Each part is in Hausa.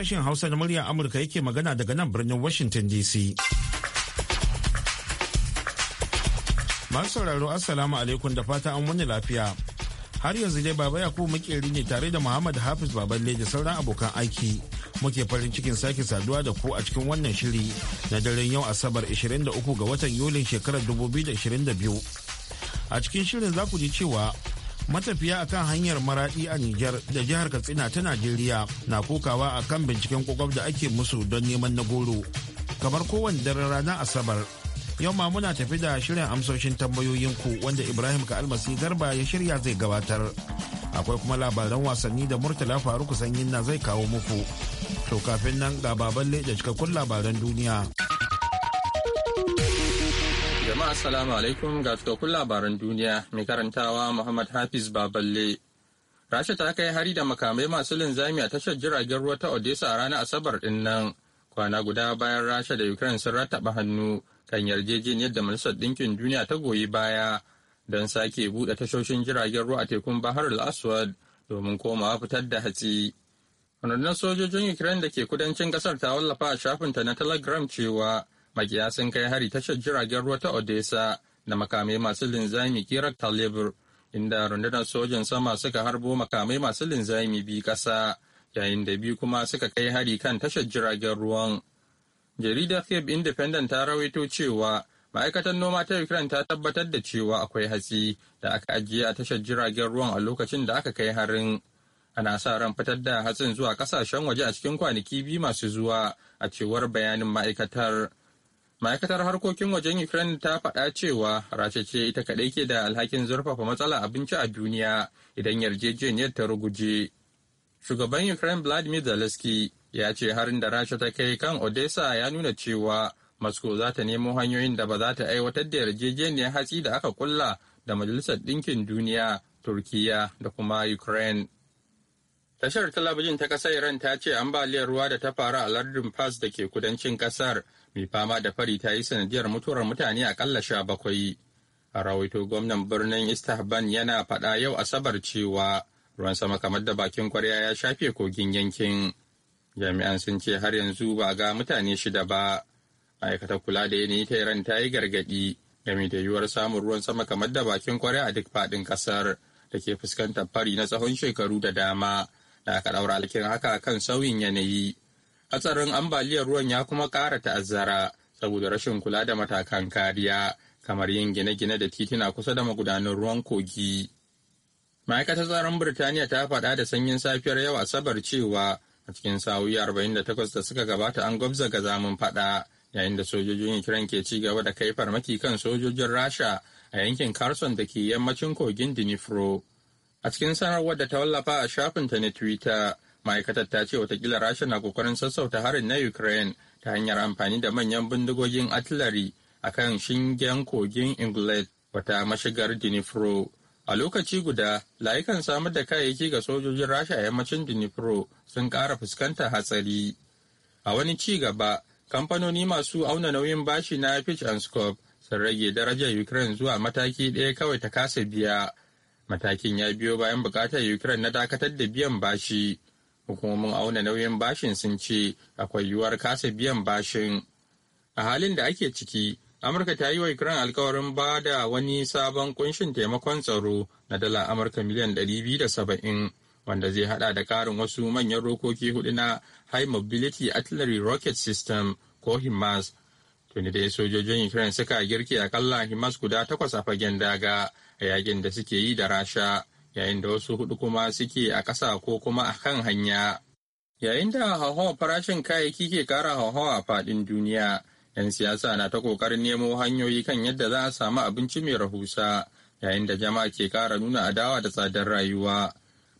sashen Hausa na muryar Amurka yake magana daga nan birnin Washington DC. Masu sauraro Assalamu alaikum da fata an wani lafiya. Har yanzu dai Baba Yakubu makeri ne tare da Muhammad Hafiz Baballe da sauran abokan aiki. Muke farin cikin sake saduwa da ku a cikin wannan shiri na daren yau Asabar 23 ga watan Yulin shekarar 2022. A cikin shirin za ku ji cewa matafiya a kan hanyar maradi a Nijar da jihar Katsina ta Najeriya na kokawa a kan binciken kwakwaf da ake musu don neman na goro. Kamar kowane daren ranar Asabar, yau ma muna tafi da shirin amsoshin tambayoyin ku wanda Ibrahim ka almasi Garba ya shirya zai gabatar. Akwai kuma labaran wasanni da Murtala Faruku Sanyin na zai kawo muku. To kafin nan ga baban da cikakkun labaran duniya. Jama'a Assalamu alaikum ga cikakkun labaran duniya mai karantawa Muhammad Hafiz Baballe. Rasha ta kai hari da makamai masu linzami a tashar jiragen ruwa ta Odessa a ranar Asabar din nan. Kwana guda bayan Rasha da Ukraine sun rattaba hannu kan yarjejeniyar da Majalisar Ɗinkin Duniya ta goyi baya don sake buɗe tashoshin jiragen ruwa a tekun Bahar al-Aswad domin komawa fitar da hatsi. Rundunar sojojin Ukraine da ke kudancin ƙasar ta wallafa a shafinta na Telegram cewa makiya sun kai hari tashar jiragen ruwa ta odessa da makamai masu linzami kirar talibur inda rundunar sojan sama suka harbo makamai masu linzami bi ƙasa yayin da biyu kuma suka kai hari kan tashar jiragen ruwan jaridar cape independent ta rawaito cewa ma'aikatar noma ta ukraine ta tabbatar da cewa akwai hatsi da aka ajiye a tashar jiragen ruwan a lokacin da aka kai harin ana sa ran fitar da hatsin zuwa kasashen waje a cikin kwanaki biyu masu zuwa a cewar bayanin ma'aikatar ma'aikatar harkokin wajen ukraine ta faɗa cewa rasha ce ita kaɗai ke da alhakin zurfafa matsala abinci a duniya idan yarjejeniyar ta ruguje shugaban ukraine vladimir zelensky ya ce harin da rasha ta kai kan odessa ya nuna cewa moscow za ta nemo hanyoyin da ba za ta aiwatar da yarjejeniyar hatsi da aka kulla da majalisar ɗinkin duniya turkiya da kuma ukraine tashar talabijin ta ƙasar iran ta ce ambaliyar ruwa da ta faru a lardin pass da ke kudancin ƙasar mai fama da fari ta yi sanadiyar mutuwar mutane akalla sha bakwai a rawaito gwamnan birnin istahban yana faɗa yau asabar cewa ruwan sama kamar da bakin kwarya ya shafe kogin yankin jami'an sun ce har yanzu ba ga mutane shida ba ma'aikatar kula da yanayi ta iran ta yi gargaɗi game da yiwuwar samun ruwan sama kamar da bakin kwarya a duk faɗin ƙasar da ke fuskantar fari na tsawon shekaru da dama da aka ɗaura alkin haka kan sauyin yanayi Hatsarin ambaliyar ruwan ya kuma ƙara ta'azzara saboda rashin kula da matakan kariya kamar yin gine-gine da titina kusa da magudanar ruwan kogi. Ma'aikatar tsaron Birtaniya ta faɗa da sanyin safiyar yau Asabar cewa a cikin sa'o'i 48 da suka gabata an gwabza ga zamun faɗa yayin da sojojin Ukraine ke ci gaba da kai farmaki kan sojojin Rasha a yankin carson da ke yammacin kogin dinifro A cikin sanarwar da ta wallafa a shafinta na Twitter, ma'aikatar ta ce watakila rasha na kokarin sassauta harin na ukraine ta hanyar amfani da manyan bindigogin artillery a kan shingen kogin england wata mashigar dinifro a lokaci guda layukan samar da kayayyaki ga sojojin rasha a yammacin dinifro sun kara fuskantar hatsari a wani ci gaba kamfanoni masu auna nauyin bashi na fitch and scope sun rage darajar ukraine zuwa mataki ɗaya kawai ta kasa biya matakin ya biyo bayan bukatar ukraine na dakatar da biyan bashi hukumomin auna nauyin bashin sun ce akwai yiwuwar kasa biyan bashin a halin da ake ciki amurka ta yi wa ukraine alkawarin ba da wani sabon kunshin taimakon tsaro na dala amurka miliyan saba'in wanda zai hada da karin wasu manyan rokoki hudu na high mobility artillery rocket system ko himas tuni dai sojojin ukraine suka girke akalla himas guda takwas a fagen daga a yakin da suke yi da rasha yayin da wasu hudu kuma suke a ƙasa ko kuma a kan hanya. Yayin da hauhawar farashin kayayyaki ke kara hauhawa a faɗin duniya, 'yan siyasa na ta ƙoƙarin nemo hanyoyi kan yadda za a samu abinci mai rahusa, yayin da jama'a ke kara nuna adawa da tsadar rayuwa.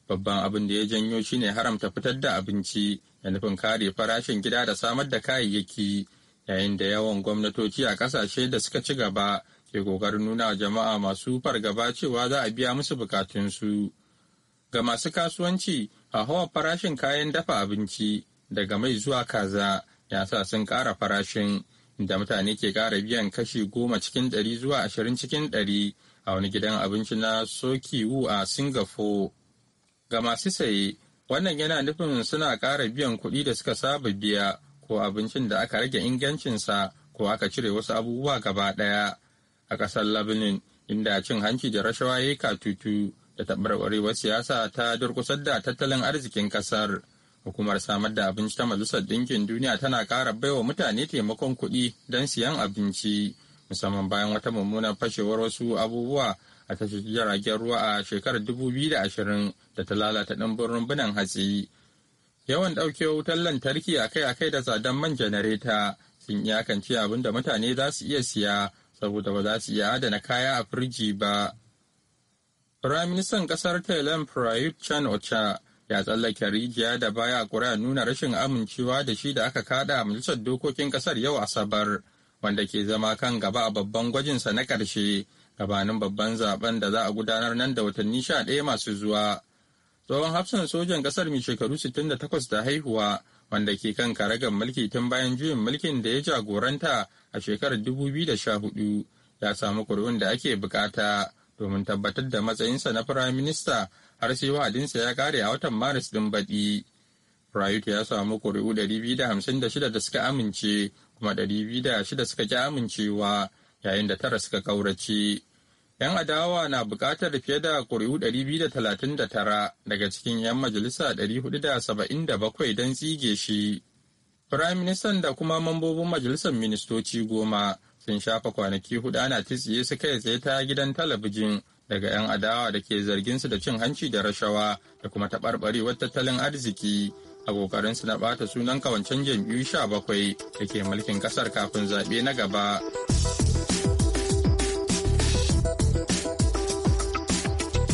Babban abin da ya janyo shi ne haramta fitar da abinci da nufin kare farashin gida da samar da kayayyaki, yayin da yawan gwamnatoci a ƙasashe da suka ci gaba ke ƙoƙarin nuna jama'a masu fargaba cewa za a biya musu bukatunsu. Ga masu kasuwanci, a hawa farashin kayan dafa abinci daga mai zuwa kaza ya sa sun ƙara farashin da mutane ke ƙara biyan kashi goma cikin ɗari zuwa ashirin cikin ɗari a wani gidan abinci na Sokiwu a Singapore. Ga masu saye, wannan yana nufin suna ƙara biyan kuɗi da suka saba biya ko abincin da aka rage ingancinsa ko aka cire wasu abubuwa gaba ɗaya. a ƙasar Lebanon inda cin hanci da rashawa ya yi katutu da taɓarɓarewar siyasa ta durƙusar da tattalin arzikin ƙasar. Hukumar samar da abinci ta Majalisar Ɗinkin Duniya tana ƙara baiwa mutane taimakon kuɗi don siyan abinci, musamman bayan wata mummunar fashewar wasu abubuwa a tashar jiragen ruwa a shekarar 2020 da ta lalata ɗimbin rumbunan hatsi. Yawan ɗauke wutar lantarki akai-akai da tsadan man janareta sun iyakance abin da mutane za su iya siya saboda ba za su iya adana kaya a firji ba. Firaministan ƙasar Thailand Prayut Chan Ocha ya tsallake rijiya da baya ƙuri'a nuna rashin amincewa da shi da aka kada a majalisar dokokin ƙasar yau Asabar, wanda ke zama kan gaba a babban gwajinsa na ƙarshe gabanin babban zaben da za a gudanar nan da watanni sha ɗaya masu zuwa. Tsohon hafsan sojan ƙasar mai shekaru 68 da haihuwa, wanda ke kan karagar mulki tun bayan juyin mulkin da ya jagoranta a shekarar 2014 ya samu kuri'un da ake bukata domin tabbatar da matsayinsa na firayim minista har sai wa'adinsa ya kare a watan maris din baɗi. Prayut ya samu kuri'u 256 da suka amince kuma 206 suka ki amincewa yayin da tara suka kaurace. 'Yan adawa na bukatar fiye da kuri'u 239 daga cikin 'yan majalisa 477 don tsige shi. Firaministan da kuma mambobin majalisar ministoci goma sun shafa kwanaki hudu ana titsiye su kai tsaye ta gidan talabijin daga 'yan adawa da ke zargin su da cin hanci da rashawa da kuma taɓarɓarewar tattalin arziki a su na ɓata sunan kawancen jam'iyyu sha bakwai da ke mulkin ƙasar kafin zaɓe na gaba.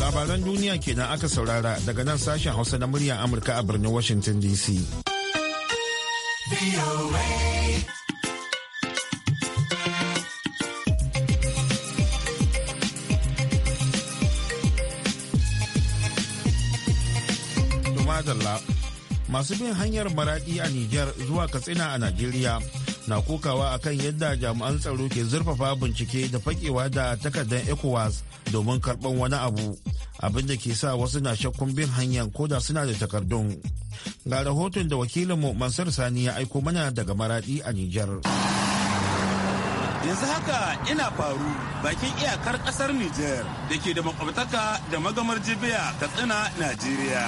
Labaran duniya kenan aka saurara daga nan sashen Hausa na murya Amurka a birnin Washington DC. Masu bin hanyar maraɗi a Nijar zuwa Katsina a Najeriya na kokawa kan yadda jami'an tsaro ke zurfafa bincike da fakewa da takardar ecowas domin karban wani abu abin da ke sa wasu na shakkun bin hanyar da suna da takardun ga rahoton da wakilinmu mansur sani ya aiko mana daga maradi a nijar yanzu haka ina faru bakin iyakar kasar Nijar da ke da makwabtaka da magamar jibiya katsina Najeriya.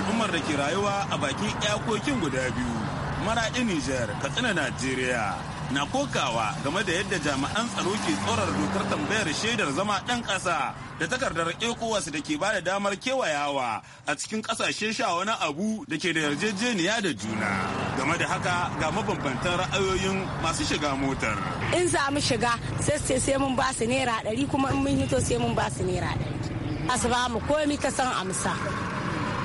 Al'ummar da ke rayuwa a bakin iyakokin guda biyu maraɗi Nijar, Katsina Najeriya na kokawa game da yadda jami'an tsaro ke tsorar dokar tambayar shaidar zama ɗan ƙasa da takardar wasu da ke ba da damar kewayawa a cikin ƙasashe sha wani abu da ke da yarjejeniya da juna. Game da haka ga mabambantan ra'ayoyin masu shiga motar. In za mu shiga sai sai mun ba su naira ɗari kuma in mun hito sai mun ba su naira ɗari. Asu ba mu komi ta san amsa.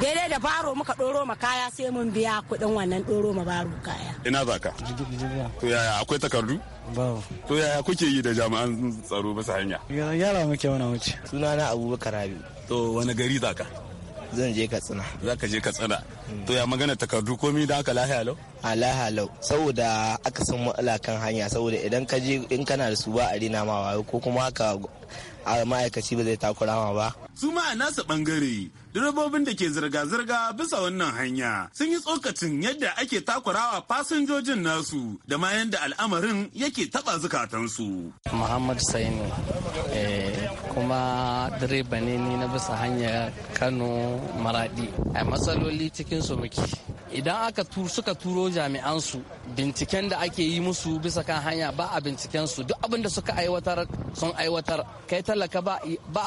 daidai da baro muka doro ma kaya sai mun biya kuɗin wannan doro ma baro kaya ina za ka to yaya akwai takardu babu to yaya kuke yi da jami'an tsaro bisa hanya yara muke wani wuce sunana abubakar rabi to wani gari za ka zan je katsina za ka je katsina to ya magana takardu komi da aka lahiya lau a lahiya lau saboda aka san matsala kan hanya saboda idan ka je in kana da su ba a rina ma wayo ko kuma haka a ma'aikaci ba zai takura ma ba su ma a nasa bangare direbobin da ke zirga-zirga bisa wannan hanya sun yi tsokacin yadda ake takurawa fasinjojin nasu da ma yadda al'amarin yake taba zukatansu muhammad Sani. Eh, kuma direba ne ni na bisa hanya kano maradi a matsaloli cikin su muke idan aka suka turo jami'an su binciken da ake yi musu bisa kan hanya ba a binciken su duk abin da suka aiwatar sun aiwatar kai talaka ba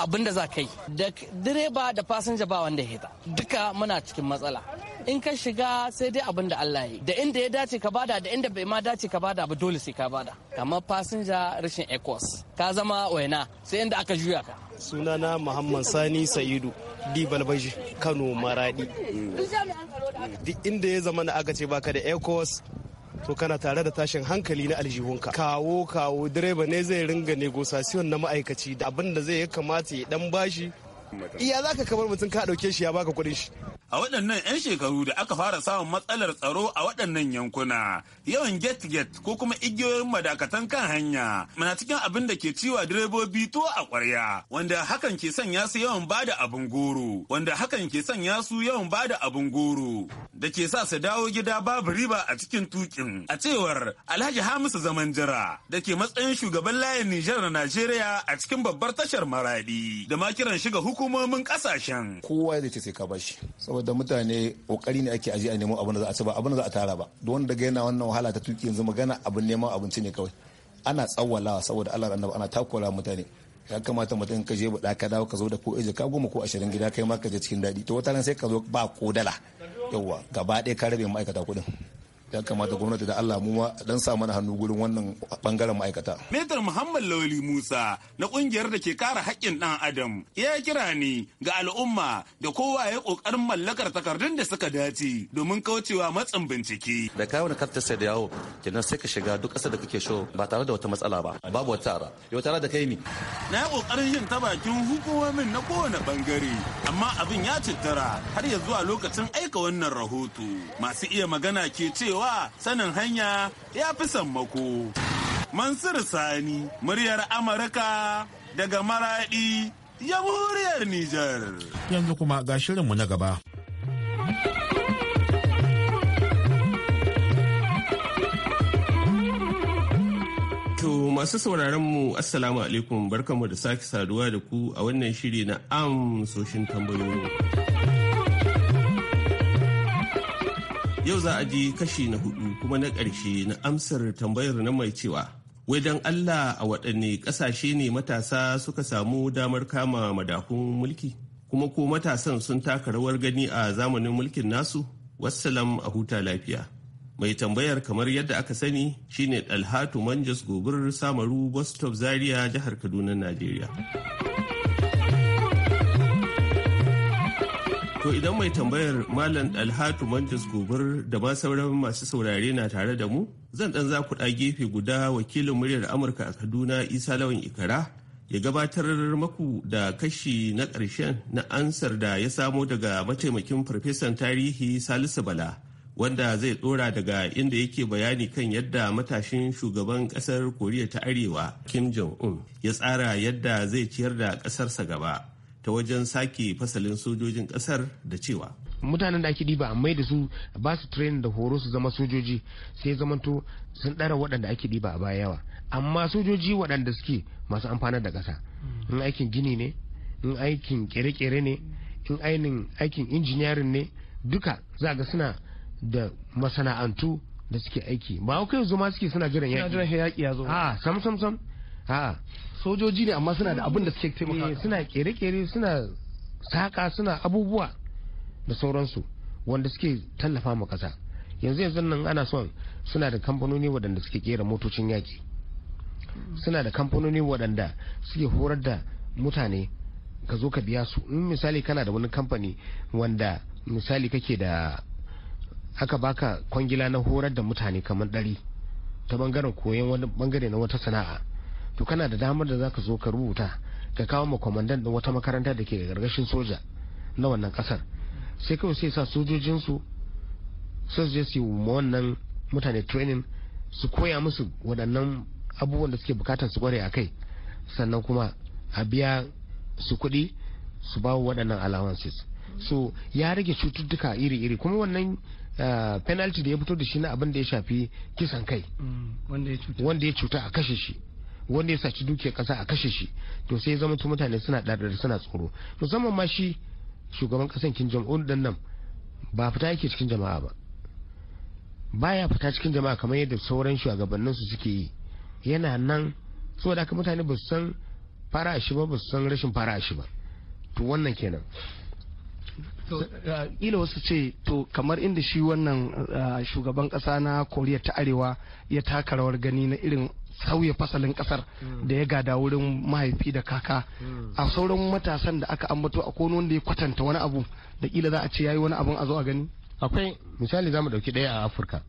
abin da za kai da direba da fasinja ba wanda ya hita duka muna cikin matsala in ka shiga sai dai abin da Allah ya yi da inda ya dace ka bada da inda bai ma dace ka bada ba dole sai ka bada kamar fasinja rashin ecos ka zama waina sai inda aka juya ka sunana muhammad sani sa'idu di balbaji kano maradi duk inda ya zama na aka ce baka da ecos to kana tare da tashin hankali na aljihunka kawo kawo direba ne zai ringa negosasiyon na ma'aikaci da abin da zai ya kamata ya dan bashi Iya za ka kamar mutum ka ɗauke shi ya baka kuɗin shi. A waɗannan 'yan shekaru da aka fara samun matsalar tsaro a waɗannan yankuna, yawan get get ko kuma igiyoyin madakatan kan hanya mana cikin abin da ke ciwa direbobi tuwo a ƙwarya, wanda hakan ke sanya su yawan bada abin goro, wanda hakan ke sanya su yawan bada abin goro, da ke sa su dawo gida babu riba a cikin tukin. A cewar Alhaji Hamisu Zaman Jira da ke matsayin shugaban layin Nijar na Najeriya a cikin babbar tashar Maradi, da ma kiran shiga hukumar hukumomin kasashen. Kowa zai ce sai ka bashi saboda mutane kokari ne ake aji a nemo abin da za a ci ba abin da za a tara ba don wanda ga yana wannan wahala ta tuki yanzu magana abin neman abinci ne kawai ana tsawwalawa saboda Allah annabi ana takura mutane ya kamata mutum ka je ba ka dawo ka zo da ko eje ka goma ko ashirin gida kai ma ka je cikin daɗi to wata sai ka zo ba ko dala gaba ɗaya ka rabe ma'aikata kuɗin ya kamata gwamnati da Allah mu dan sa mana hannu gurin wannan bangaren ma'aikata. Metar Muhammad Lawali Musa na kungiyar da ke kare haƙƙin ɗan Adam ya kira ni ga al'umma da kowa ya ƙoƙarin mallakar takardun da suka dace domin kaucewa matsin bincike. Da ka wani kaftar sai da yawo kenan sai ka shiga duk ƙasar da kake so ba tare da wata matsala ba babu wata tara yau tare da kai ne. Na yi ƙoƙarin yin ta bakin hukumomin na kowane bangare amma abin ya cittara har ya zuwa lokacin aika wannan rahoto masu iya magana ke cewa cewa sanin hanya ya fi sammako. Mansur Sani, muryar Amurka daga Maraɗi, jamhuriyar Nijar. Yanzu kuma ga shirinmu na gaba. To masu sauraron mu Assalamu alaikum barkanmu da sake saduwa da ku a wannan shiri na amsoshin tambayoyi. Yau za a ji kashi na hudu kuma na ƙarshe na amsar tambayar na mai cewa wai don Allah a waɗanne ƙasashe ne matasa suka samu damar kama madakun mulki kuma ko matasan sun taka rawar gani a zamanin mulkin nasu wassalam a huta lafiya. mai tambayar kamar yadda aka sani shine dalhatu manjas gobir samaru bus zaria jihar kaduna najeriya To idan mai tambayar Malam Alhatu Mandas Gobir da ma sauran masu saurare na tare da mu, zan ɗan za ku gefe guda wakilin muryar Amurka a Kaduna Isa Lawan Ikara ya gabatar maku da kashi na ƙarshen na ansar da ya samo daga mataimakin farfesan tarihi Salisu Bala. wanda zai tsora daga inda yake bayani kan yadda matashin shugaban kasar koriya ta arewa kim jong-un ya tsara yadda zai ciyar da kasarsa gaba ta wajen sake fasalin sojojin kasar da cewa mutanen da ake diba mai da su ba su train da horo su zama sojoji sai zamanto sun ɗara waɗanda ake diba a baya yawa amma sojoji waɗanda suke masu amfana da ƙasa in aikin gini ne in aikin kere-kere ne in ainin aikin injiniyarin ne duka za ga suna da masana'antu da suke aiki ba kai zuma suke suna jiran yaƙi a ah, sam sam sam A'a sojoji ne amma suna da abin da suke taimaka eh, suna kere-kere suna saka suna abubuwa da sauransu wanda suke tallafa ma kasa yanzu yanzu nan ana son suna da kamfanoni waɗanda suke kera motocin yaki suna da kamfanoni waɗanda suke horar da mutane ka zo ka biya su in misali kana da wani kamfani wanda misali kake da aka baka kwangila na horar da mutane kamar ɗari ta bangaren koyon wani bangare na wata sana'a to kana da damar da zaka zo ka rubuta ka kawo ma kwamandan din wata makaranta da ke gargashin soja na wannan kasar sai kawai sai sa sojojinsu su je su ma wannan mutane training su koya musu waɗannan abubuwan da suke bukatar su kware a kai sannan kuma a biya su kuɗi su ba waɗannan allowances so ya rage cututtuka iri-iri kuma wannan eh, penalty da ya fito da shi na abin da ya shafi kisan kai mm, wanda ya cuta a kashe shi wanda ya saci dukiyar kasa a kashe shi to sai ya zama mutane suna ɗaɗar suna tsoro musamman ma shi shugaban kasan kin jam'un dan nan ba fita yake cikin jama'a ba baya fita cikin jama'a kamar yadda sauran shugabannin su suke yi yana nan saboda haka mutane ba su san fara shi ba ba su san rashin fara shi ba to wannan kenan uh, ila wasu ce to kamar inda shi wannan uh, shugaban kasa na koriya ta arewa ya taka rawar gani na irin sauya fasalin kasar hmm. da ya gada wurin mahaifi da kaka hmm. a sauran matasan da aka ambato a kono wanda ya kwatanta wani abu da kila za a ce yayi wani abun a zo a gani akwai misali za mu ɗauki ɗaya a afirka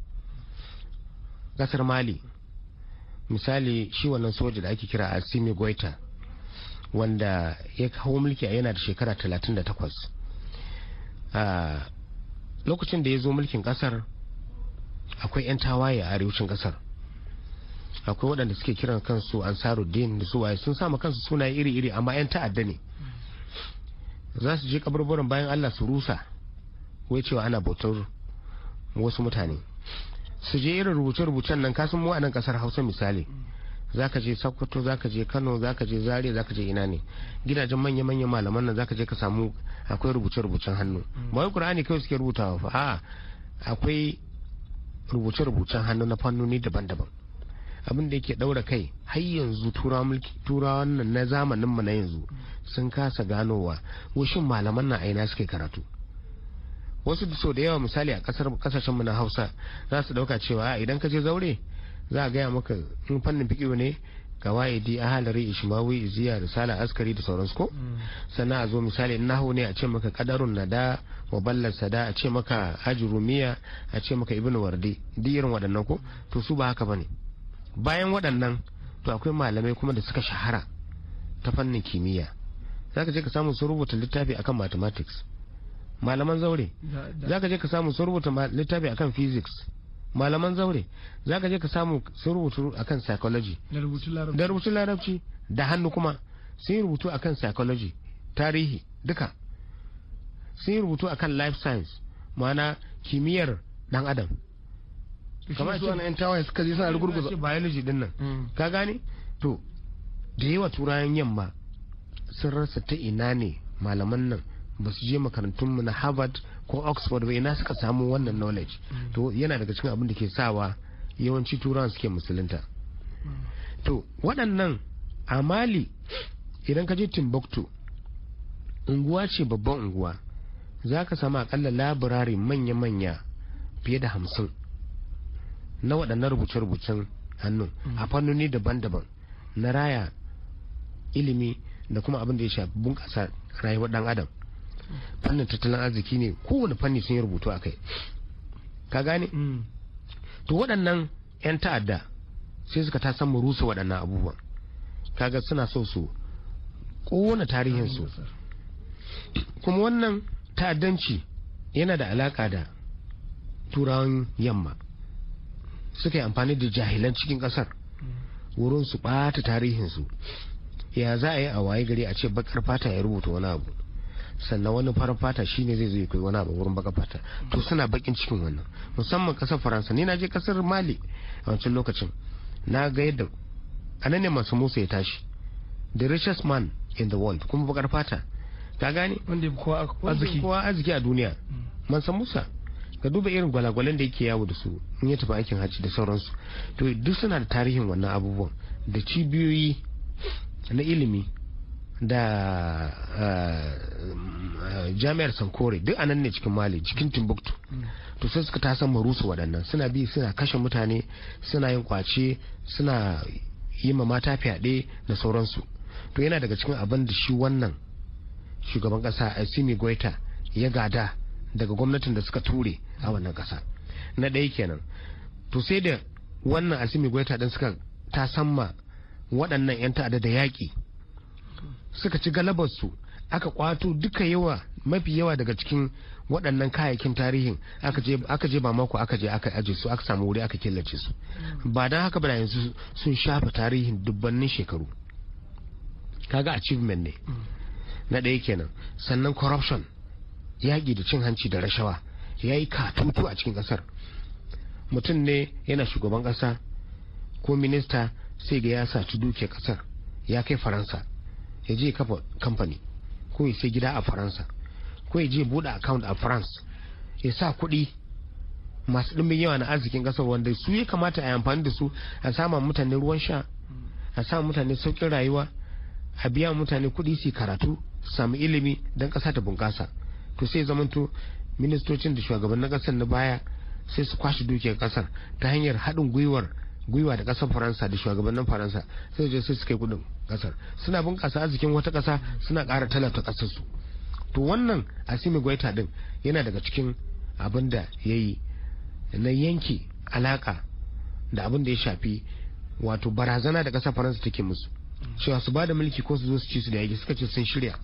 kasar mali misali shi wannan soja da ake kira asimi goita wanda ya kawo mulki a yana da shekara 38 a lokacin da ya zo mulkin kasar akwai 'yan tawaye a arewacin kasar akwai waɗanda suke kiran kansu ansaruddin da suwaye sun sama kansu sunaye iri-iri amma 'yan ta'adda ne za su je kaburburan bayan allah su rusa wai cewa ana bautar wasu mutane su je irin rubuce-rubucen nan kasan mu a nan kasar hausa misali zaka je sokoto zaka je kano zaka je zaria zaka je ina ne gidajen manya-manya malaman nan zaka je ka samu akwai rubuce-rubucen hannu mm. ba wai qur'ani kawai suke rubutawa fa a akwai rubuce-rubucen hannu na fannoni daban-daban abin da yake daura kai har yanzu turawan nan na zamanin mu na yanzu sun kasa ganowa wushin malaman na aina suke karatu wasu so da yawa misali a kasar kasashen mu na Hausa za su dauka cewa idan ka je zaure za a gaya maka in fannin fikiyo ne a halari ishmawi iziya risala askari da sauransu ko mm. sannan a zo misali nahu ne a ce maka kadarun nada wa ballar sada a ce maka haji rumiya a ce maka ibn wardi duk irin waɗannan ko to su ba haka bane bayan waɗannan to akwai malamai kuma da suka shahara ta fannin kimiyya za ka je ka samu sun rubuta littafi akan mathematics malaman zaure za ka je ka samu sun rubuta littafi akan physics malaman zaure za ka je ka samu sun rubutu akan psychology da rubutun larabci da hannu kuma sun yi rubutu akan psychology tarihi duka sun yi rubutu akan life science ma'ana kimiyyar dan adam kamar su wani yan tawaye suka je suna rugurguza biology din nan mm. ka gane to da yawa turayen yamma sun rasa ta ina ne malaman nan ba su je makarantunmu na Harvard ko Oxford ba ina suka samu wannan knowledge mm. to yana daga cikin abin da ke sawa yawanci turawan suke musulunta mm. to waɗannan a Mali idan ka je Timbuktu unguwa ce babban unguwa za ka samu akalla labirari manya-manya fiye da hamsin na waɗannan rubuce-rubucen hannu mm. a fannoni daban-daban na raya ilimi da kuma abin da ya shafi bunƙasa rayuwar ɗan adam fannin tattalin arziki ne kowane fanni sun yi rubutu a kai ka gane mm. to waɗannan 'yan ta'adda sai suka ta san rusa waɗannan abubuwan kaga suna so su kowane tarihinsu kuma wannan ta'addanci yana da alaƙa da turawan yamma suka yi amfani da jahilan cikin kasar wurin su bata tarihinsu ya za a yi a waye gari a ce bakar fata ya rubuta wani abu sannan wani farin fata shi ne zai zai kai wani abu wurin bakar fata to suna bakin cikin wannan musamman kasar faransa ni na je kasar mali a wancan lokacin na ga yadda nan ne masu musa ya tashi the richest man in the world kuma bakar fata ka gane wanda kowa arziki a duniya hmm. mansa musa ka duba irin gwalagwalan da yake yawo da su in ya tafi aikin hajji da sauransu to duk suna da tarihin wannan abubuwan da cibiyoyi na ilimi da ah, ah, jami'ar sankore duk anan ne cikin mali cikin timbuktu to sai suka ta san marusu waɗannan suna bi suna kashe mutane suna yin kwace suna yi ma mata fyaɗe da sauransu to yana daga cikin abin da shi wannan shugaban ƙasa asimi goita ya gada daga gwamnatin da suka ture a wannan kasa na ɗaya kenan to sai da wannan asimi gwaita ɗin suka ta samma waɗannan 'yan ta'adda da yaƙi suka ci galabarsu aka kwato duka yawa mafi yawa daga cikin waɗannan kayayyakin tarihin aka je ba mako aka je aka aje su aka samu wuri aka killace su mm. ba don haka ba yanzu sun shafa tarihin dubbannin shekaru kaga achievement ne mm. na ɗaya kenan sannan corruption yaƙi da cin hanci da rashawa ya yi katutu a cikin ƙasar mutum ne yana shugaban ƙasa ko minista sai ga ya saci duke ƙasar ya kai faransa ya je kafa kamfani ko ya sai gida a faransa ko ya je buɗe account a france ya sa kuɗi masu ɗumbin yawa na arzikin ƙasar wanda su ya kamata a yi amfani da su a sama mutane ruwan sha a sa mutane sauƙin rayuwa a biya mutane kuɗi su karatu su sami ilimi don ƙasa ta bunƙasa to sai zamanto ministocin da na kasar na baya sai su kwashe dukiyar kasar ta hanyar haɗin gwiwar gwiwa da kasar faransa da shugabannin faransa sai je sai su kai kudin kasar suna bunƙasa arzikin wata kasa suna ƙara talata kasar su to wannan asimi gwaita din yana daga cikin abin da ya yi na yanke alaka da abin da ya shafi wato barazana da ƙasar faransa take musu cewa su ba da mulki ko su zo su ci su da yaƙi suka ce sun shirya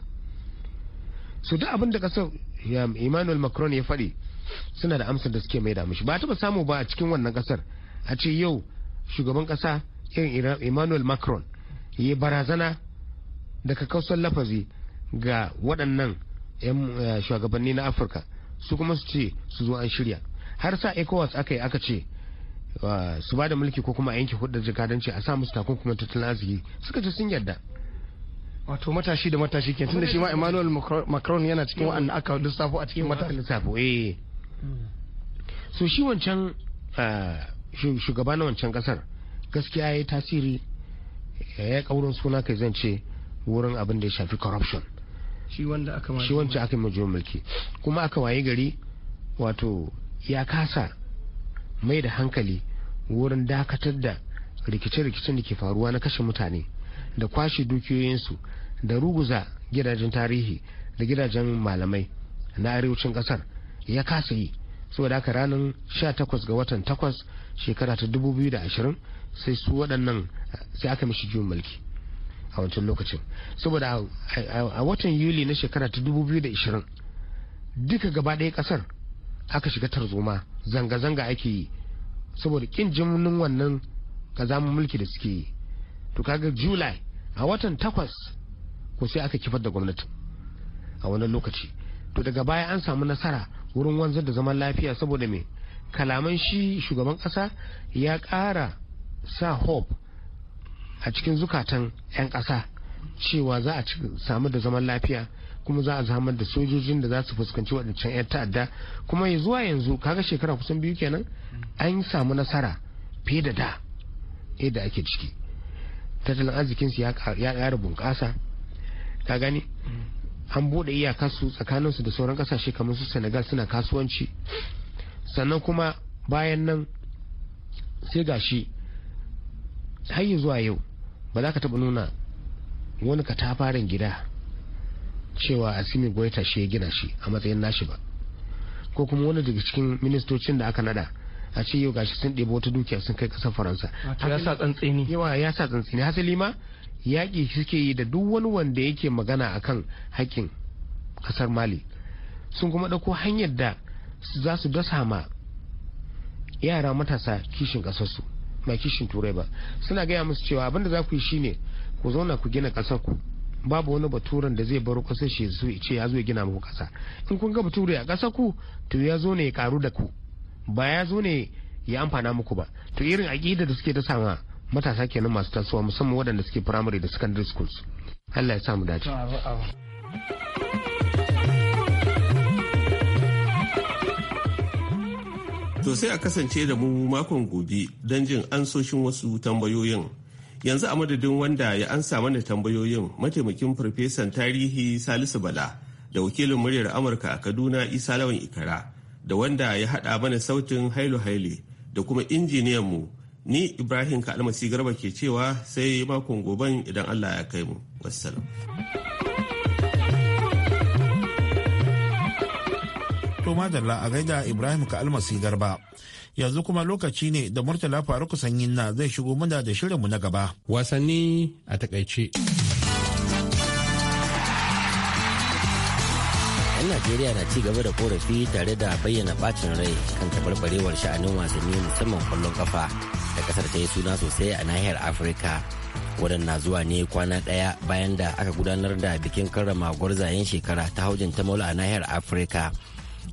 su duk abin da kasar emmanuel macron ya faɗi suna da amsar da suke mai da mishi ba taɓa samu ba a cikin wannan kasar a ce yau shugaban kasa irin emmanuel macron ya barazana da kakkausar lafazi ga waɗannan 'yan eh, shugabanni na afirka su kuma su ce su zo an shirya har sa ecowas aka yi aka ce su ba da mulki ko kuma a yanke hudar jikadanci a sa musu takunkumin tattalin arziki suka ce sun yarda wato matashi da matashi ke da shi ma Emmanuel Macron yana cikin wa'anda aka lissafo a cikin matashi lissafo eh so shi wancan ah, shugaba na wancan kasar gaskiya ya yi tasiri ya kaurin suna kai zan ce wurin abin da ya shafi corruption shi wanda aka shi wancan aka mulki kuma aka waye gari wato ya kasa mai da hankali wurin dakatar da rikice-rikicen da ke faruwa na kashe mutane da kwashe dukiyoyinsu da ruguza gidajen tarihi da gidajen malamai na arewacin kasar ya kasa yi saboda haka ranar 18 ga watan 8 shekara ta 2020 sai su waɗannan sai aka mishi juyin mulki a wancan lokacin saboda a watan yuli na shekara ta 2020 duka gaba ɗaya ƙasar aka shiga tarzoma zanga-zanga ake yi saboda kin jimnin wannan zama mulki da suke yi to kaga july a watan takwas ko sai aka kifar da gwamnati a wannan lokaci to daga baya an samu nasara wurin wanzar da zaman lafiya saboda me kalaman shi shugaban kasa ya kara sa hope a cikin zukatan 'yan kasa cewa za a samu da zaman lafiya kuma za a zamar da sojojin da za su fuskanci waɗancan 'yan ta'adda kuma ya zuwa yanzu kaga shekara kusan biyu kenan an samu nasara fiye da da yadda ake ciki tattalin arzikinsu ya ƙara bunƙasa ka gani an buɗe iyakarsu tsakaninsu da sauran ƙasashe kamar su senegal suna kasuwanci sannan kuma bayan nan sai gashi har zuwa yau ba za ka taɓa nuna wani katafaren gida cewa asimi goita shi ya gina shi a matsayin nashi ba ko kuma wani daga cikin ministocin da aka nada a ce yau gashi sun ɗebo wata dukiya sun kai ƙasar faransa ya sa tsantseni yawa ya sa tsantseni hasali ma yaƙi suke yi da duk wani wanda yake magana a kan hakkin ƙasar mali sun kuma ɗauko hanyar da za su dasa ma yara matasa kishin ƙasarsu mai kishin turai ba suna gaya musu cewa abinda da za ku yi shine ku zauna ku gina ƙasar ku babu wani baturen da zai baro ƙasar shi ce ya zo ya gina muku ƙasa in kun ga bature a ƙasar ku to ya zo ne ya karu da ku ba ya zo ne ya amfana muku ba to irin aƙida da suke ta sama matasa kenan masu tasowa musamman waɗanda suke primary da secondary schools Allah ya sa mu dace To sai a kasance da mu makon gobe don jin ansoshin wasu tambayoyin. Yanzu a madadin wanda ya ansa mana tambayoyin mataimakin farfesan tarihi Salisu Bala da wakilin muryar Amurka a Kaduna Isa Lawan Ikara da wanda ya haɗa mana sautin hailu haile da kuma mu ni ibrahim kalmasi garba ke cewa sai makon goben idan allah ya kai mu wassalam to madalla a gaida ibrahim kalmasi garba yanzu kuma lokaci ne da murtala faruk sanyin na zai shigo mana da shirinmu na gaba wasanni a takaice 'yan najeriya na ci gaba da korafi tare da bayyana bacin rai kan tabarbarewar sha'anin wasanni musamman kwallon kafa da kasar ta yi suna sosai a nahiyar afirka na zuwa ne kwana ɗaya bayan da aka gudanar da bikin karrama gwarzayen shekara ta haujin ta maula a nahiyar afirka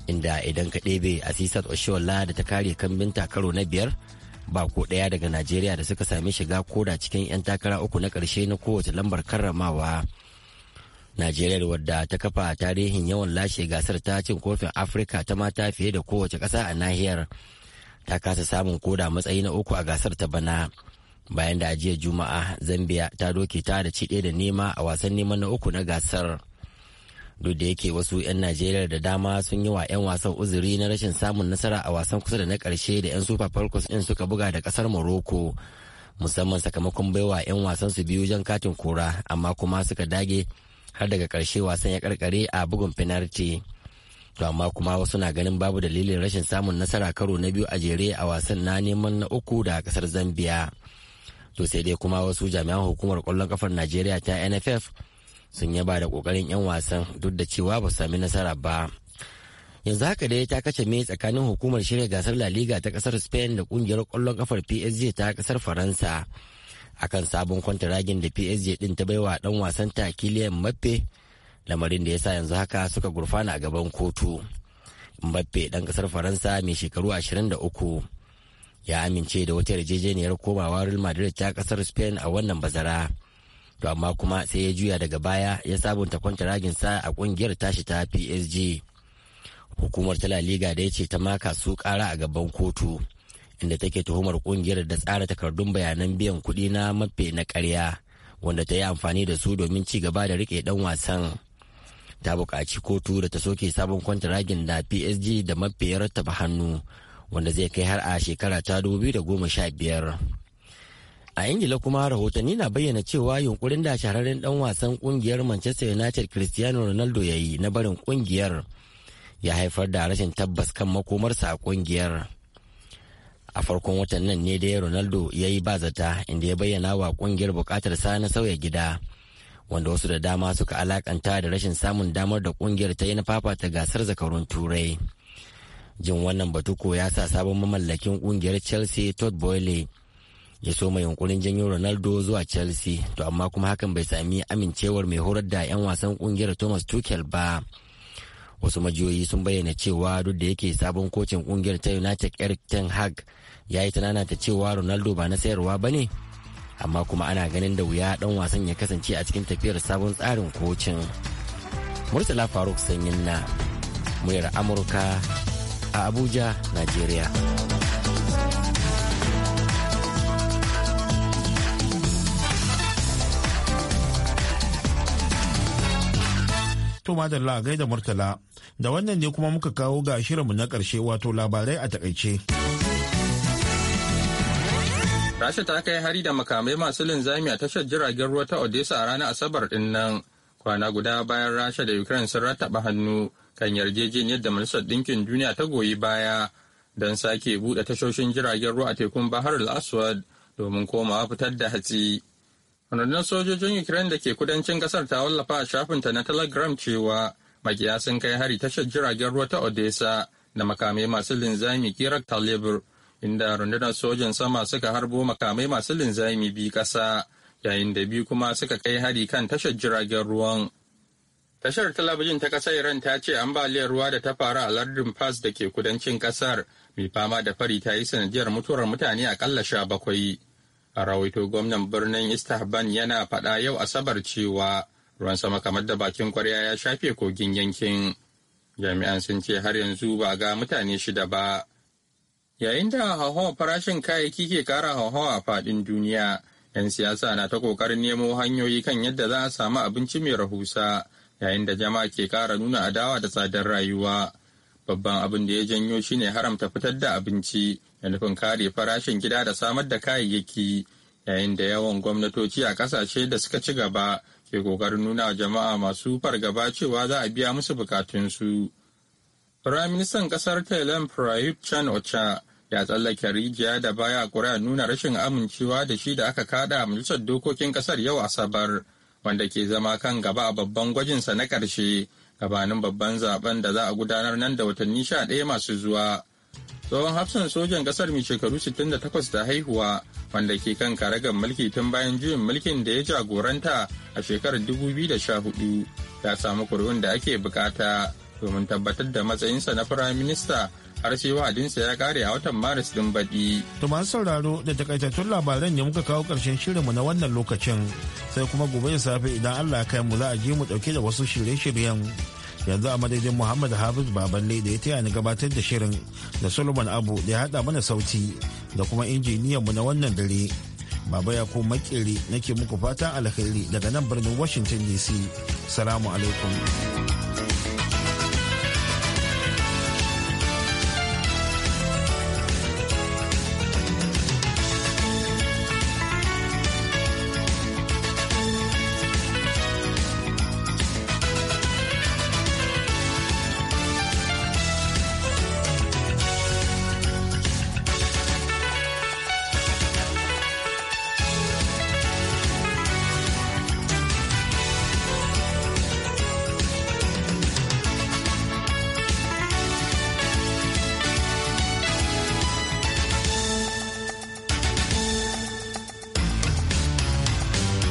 inda idan ka ɗebe asisat oshiwala da ta kare kambin takaro na biyar ba ko ɗaya daga najeriya da suka sami shiga koda cikin 'yan takara uku na ƙarshe na kowace lambar karramawa Najeriya wadda ta kafa tarihin yawan lashe gasar ta cin kofin Afirka ta mata fiye da kowace ƙasa a nahiyar. Ta kasa samun koda matsayi na uku a gasar ta bana. Bayan da jiya Juma'a Zambia ta doke ta da ci da nema a wasan neman na uku na gasar. Duk da yake wasu 'yan Najeriya da dama sun yi wa 'yan wasan uzuri na rashin samun nasara a wasan kusa da na ƙarshe da 'yan Super Falcons ɗin suka buga da ƙasar Morocco. Musamman sakamakon baiwa 'yan wasan su biyu jan katin kora amma kuma suka dage har daga ƙarshe wasan ya karkare a bugun finarti to amma kuma wasu na ganin babu dalilin rashin samun nasara karo na biyu a jere a wasan na neman na uku da kasar zambia to sai dai kuma wasu jami'an hukumar kwallon kafar najeriya ta nff sun yaba da kokarin 'yan wasan duk da cewa ba sami nasara ba yanzu haka dai ta kace me tsakanin hukumar shirya gasar la liga ta kasar spain da kungiyar kwallon kafar psg ta kasar faransa akan sabon kwantaragin da PSG din ta baiwa dan wasan ta Kylian Mbappe lamarin da ya sa yanzu haka suka gurfana a gaban kotu. Mbappe dan kasar Faransa mai shekaru 23 ya amince da wata yarjejeniyar komawa Real Madrid ta kasar Spain a wannan bazara. To amma kuma sai ya juya daga baya ya sabunta kwantaragin sa a kungiyar tashi ta PSG. Hukumar ta La Liga da ya ce ta maka su kara a gaban kotu. inda take tuhumar kungiyar da tsara takardun bayanan biyan kuɗi na mafe na karya wanda ta yi amfani da su domin ci gaba da riƙe ɗan wasan ta buƙaci kotu da ta soke sabon kwantaragin da psg da mafe ya rattaba hannu wanda zai kai har a shekara ta goma sha biyar. a ingila kuma rahotanni na bayyana cewa yunkurin da shahararren dan wasan kungiyar manchester united cristiano ronaldo ya yi na barin kungiyar ya haifar da rashin tabbas kan makomarsa a kungiyar a farkon watan nan ne 'ya' ronaldo ya yi ba zata inda ya bayyana wa kungiyar bukatar sa na sauya gida wanda wasu da dama suka alakanta da rashin samun damar da kungiyar ta yi na fafata gasar zakarun turai jin wannan batuko ya sa sabon mamallakin kungiyar chelsea todd boyle ya so mai yunkurin janyo ronaldo zuwa chelsea to amma kuma hakan bai sami amincewar mai horar da 'yan wasan kungiyar thomas tuchel ba wasu majiyoyi sun bayyana cewa duk da yake sabon kocin kungiyar ta united eric ten hag ya yi tunana ta cewa ronaldo ba na sayarwa ba ne amma kuma ana ganin da wuya dan wasan ya kasance a cikin tafiyar sabon tsarin kocin murtala faruk sanyin na muryar amurka a abuja nigeria To madalla gaida Murtala, da wannan ne kuma muka kawo ga shirinmu na ƙarshe wato labarai a takaice. Rasha ta kai hari da makamai masu linzami a tashar jiragen ruwa ta Odessa a ranar Asabar din nan. Kwana guda bayan Rasha da Ukraine sun rataba hannu kan yarjejeniyar da Majalisar Ɗinkin Duniya ta goyi baya don sake buɗe tashoshin jiragen ruwa a tekun Bahar al-Aswad domin komawa fitar da hatsi. rundunar sojojin ukraine da ke kudancin kasar ta wallafa a shafinta na telegram cewa makiya sun kai hari tashar jiragen ruwa ta odessa da makamai masu linzami kirak talibur inda rundunar sojan sama suka harbo makamai masu linzami bi kasa yayin da biyu kuma suka kai hari kan tashar jiragen ruwan tashar talabijin ta kasar iran ta ce ambaliyar ruwa da ta faru a lardin pass da ke kudancin kasar mai fama da fari ta yi sanadiyar mutuwar mutane akalla sha bakwai A rawaito gwamnan birnin Istahban yana faɗa yau Asabar cewa ruwan sama kamar da bakin kwarya ya shafe kogin yankin. Jami'an sun ce har yanzu ba ga mutane shida ba. Yayin da hauhawar farashin kayayyaki ke kara hauhawa a faɗin duniya, 'yan siyasa na ta ƙoƙarin nemo hanyoyi kan yadda za a samu abinci mai rahusa, yayin da jama'a ke kara nuna adawa da tsadar rayuwa. babban abin da ya janyo shine haramta fitar da abinci da nufin kare farashin gida da samar da kayayyaki yayin da yawan gwamnatoci a kasashe da suka ci gaba ke kokarin nuna jama'a masu fargaba cewa za a biya musu bukatunsu. Firaministan kasar Thailand Prayut Chan Ocha ya tsallake rijiya da baya kura nuna rashin amincewa da shi da aka kada a majalisar dokokin kasar yau Asabar, wanda ke zama kan gaba a babban gwajinsa na karshe. gabanin babban zaben da za a gudanar nan da watanni sha ɗaya masu zuwa tsohon hafsan sojan ƙasar mai shekaru 68 da haihuwa wanda ke kan karagar mulki tun bayan juyin mulkin da ya jagoranta a shekarar 2014 ya samu kuri'un da ake bukata domin tabbatar da matsayinsa na firayim minista har sai wa'adinsa ya kare a watan maris din baɗi. To sauraro da takaitattun labaran ne muka kawo ƙarshen shirinmu na wannan lokacin sai kuma gobe ya safe idan Allah ya kai mu za a je mu ɗauke da wasu shirye-shiryen. yanzu a madadin muhammad hafiz baballe da ya taya ni gabatar da shirin da solomon abu da ya hada mana sauti da kuma injiniyanmu na wannan dare baba ya ko makeri nake muku fatan alheri daga nan birnin washington dc salamu alaikum